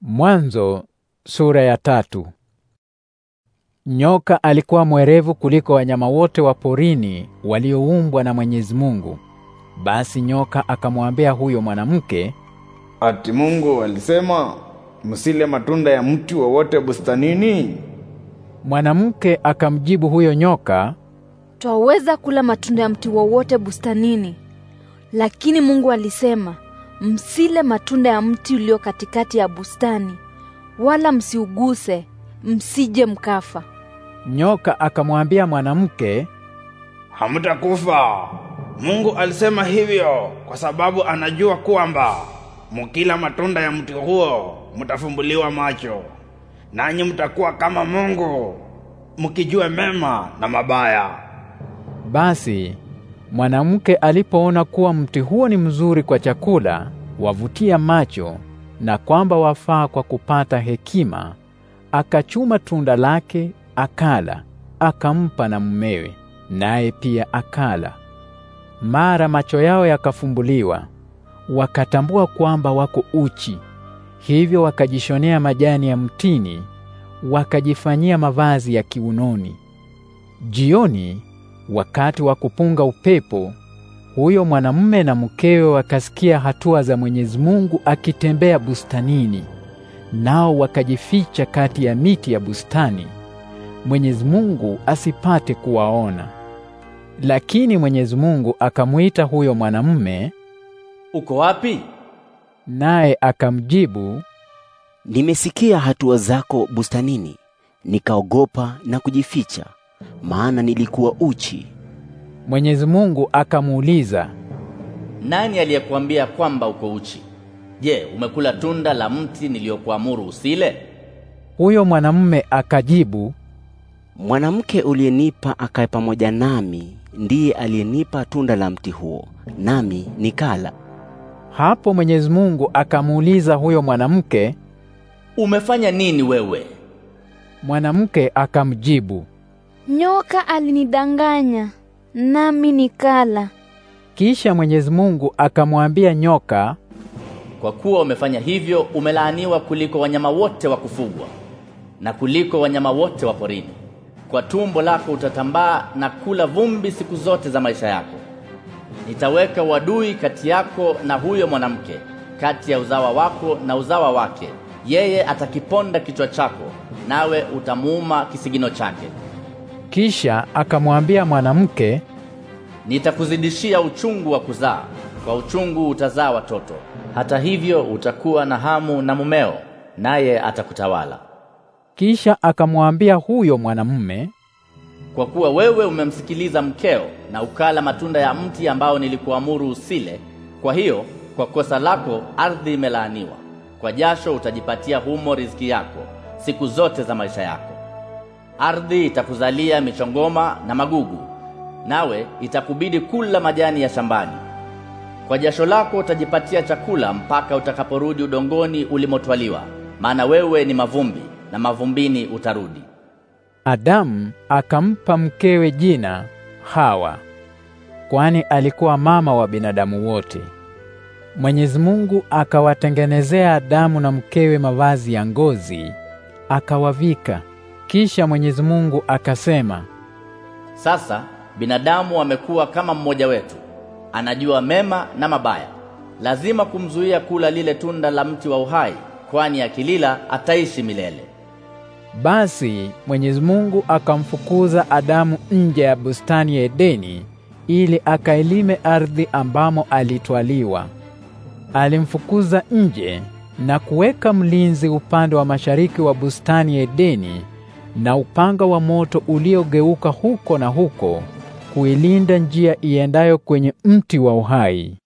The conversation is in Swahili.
Mwanzo sura ya tatu. Nyoka alikuwa mwerevu kuliko wanyama wote wa porini walioumbwa na Mwenyezi Mungu. Basi nyoka akamwambia huyo mwanamke, ati Mungu alisema msile matunda ya mti wowote bustanini? Mwanamke akamjibu huyo nyoka, twaweza kula matunda ya mti wowote bustanini, lakini Mungu alisema msile matunda ya mti ulio katikati ya bustani, wala msiuguse, msije mkafa. Nyoka akamwambia mwanamke, hamutakufa. Mungu alisema hivyo kwa sababu anajua kwamba mukila matunda ya mti huo mutafumbuliwa macho, nanyi mutakuwa kama Mungu mukijua mema na mabaya. Basi Mwanamke alipoona kuwa mti huo ni mzuri kwa chakula, wavutia macho na kwamba wafaa kwa kupata hekima, akachuma tunda lake akala, akampa na mumewe, naye pia akala. Mara macho yao yakafumbuliwa, wakatambua kwamba wako uchi, hivyo wakajishonea majani ya mtini wakajifanyia mavazi ya kiunoni. Jioni Wakati wa kupunga upepo, huyo mwanamume na mkewe wakasikia hatua za Mwenyezi Mungu akitembea bustanini, nao wakajificha kati ya miti ya bustani, Mwenyezi Mungu asipate kuwaona. Lakini Mwenyezi Mungu akamwita huyo mwanamume, uko wapi? Naye akamjibu, nimesikia hatua zako bustanini, nikaogopa na kujificha maana nilikuwa uchi. Mwenyezi Mungu akamuuliza, nani aliyekuambia kwamba uko uchi? Je, umekula tunda la mti niliyokuamuru usile? Huyo mwanamume akajibu, mwanamke uliyenipa akae pamoja nami ndiye aliyenipa tunda la mti huo, nami nikala. Hapo Mwenyezi Mungu akamuuliza huyo mwanamke, umefanya nini wewe? Mwanamke akamjibu, Nyoka alinidanganya nami nikala. Kisha Mwenyezi Mungu akamwambia nyoka, kwa kuwa umefanya hivyo, umelaaniwa kuliko wanyama wote wa kufugwa na kuliko wanyama wote wa porini. Kwa tumbo lako utatambaa na kula vumbi siku zote za maisha yako. Nitaweka wadui kati yako na huyo mwanamke, kati ya uzawa wako na uzawa wake. Yeye atakiponda kichwa chako, nawe utamuuma kisigino chake. Kisha akamwambia mwanamke, nitakuzidishia uchungu wa kuzaa, kwa uchungu utazaa watoto. Hata hivyo utakuwa na hamu na mumeo, naye atakutawala. Kisha akamwambia huyo mwanamume, kwa kuwa wewe umemsikiliza mkeo na ukala matunda ya mti ambao nilikuamuru usile, kwa hiyo kwa kosa lako ardhi imelaaniwa. Kwa jasho utajipatia humo riziki yako siku zote za maisha yako. Ardhi itakuzalia michongoma na magugu, nawe itakubidi kula majani ya shambani. Kwa jasho lako utajipatia chakula mpaka utakaporudi udongoni ulimotwaliwa, maana wewe ni mavumbi na mavumbini utarudi. Adamu akampa mkewe jina Hawa, kwani alikuwa mama wa binadamu wote. Mwenyezi Mungu akawatengenezea Adamu na mkewe mavazi ya ngozi akawavika kisha Mwenyezi Mungu akasema, sasa binadamu amekuwa kama mmoja wetu, anajua mema na mabaya. Lazima kumzuia kula lile tunda la mti wa uhai, kwani akilila ataishi milele. Basi Mwenyezi Mungu akamfukuza Adamu nje ya bustani ya Edeni ili akailime ardhi ambamo alitwaliwa. Alimfukuza nje na kuweka mlinzi upande wa mashariki wa bustani ya Edeni na upanga wa moto uliogeuka huko na huko kuilinda njia iendayo kwenye mti wa uhai.